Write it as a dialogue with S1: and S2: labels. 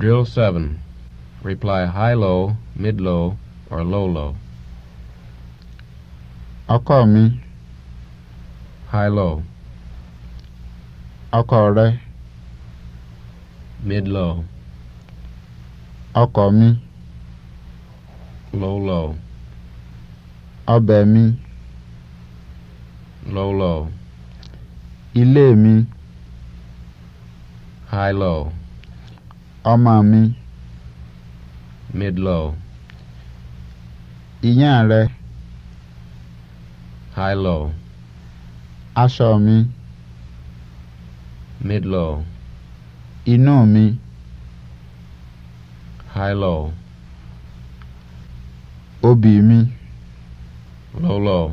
S1: Drill 7. Reply high-low, mid-low, or low-low.
S2: I call me High-low. I call her
S1: mid Mid-low. I call me Low-low. I Ọbẹ̀ me Low-low.
S2: Ilé me High-low. ọmọ mi. mid low. ìyàn rẹ. high low. aṣọ mi. mid low. inú mi. high low. obì mi. low low.